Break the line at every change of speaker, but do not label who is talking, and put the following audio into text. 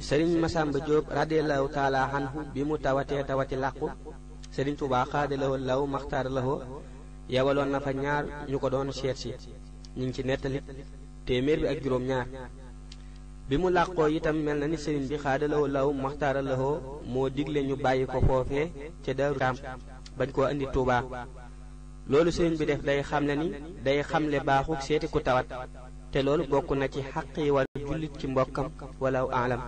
sëriñ Masamba Diop radiallahu taala anhu bi mu tawatee tawati làqu sëriñ Tuubaa xaadalawo law maxtaar lawo yewaloon na fa ñaar ñu ko doon seet si ñu ngi ci nettali téeméer bi ak juróom ñaar bi mu làqoo itam mel na ni sëriñ bi xaadalawo law maxtaara moo digle ñu bàyyi ko foofee ca Daaru Kaam bañ koo indi Tuubaa loolu sëriñ bi def day xamle ni day xamle baaxul seeti ku tawat te loolu bokk na ci xaqi wa jullit ci mbokkam walaw
aalam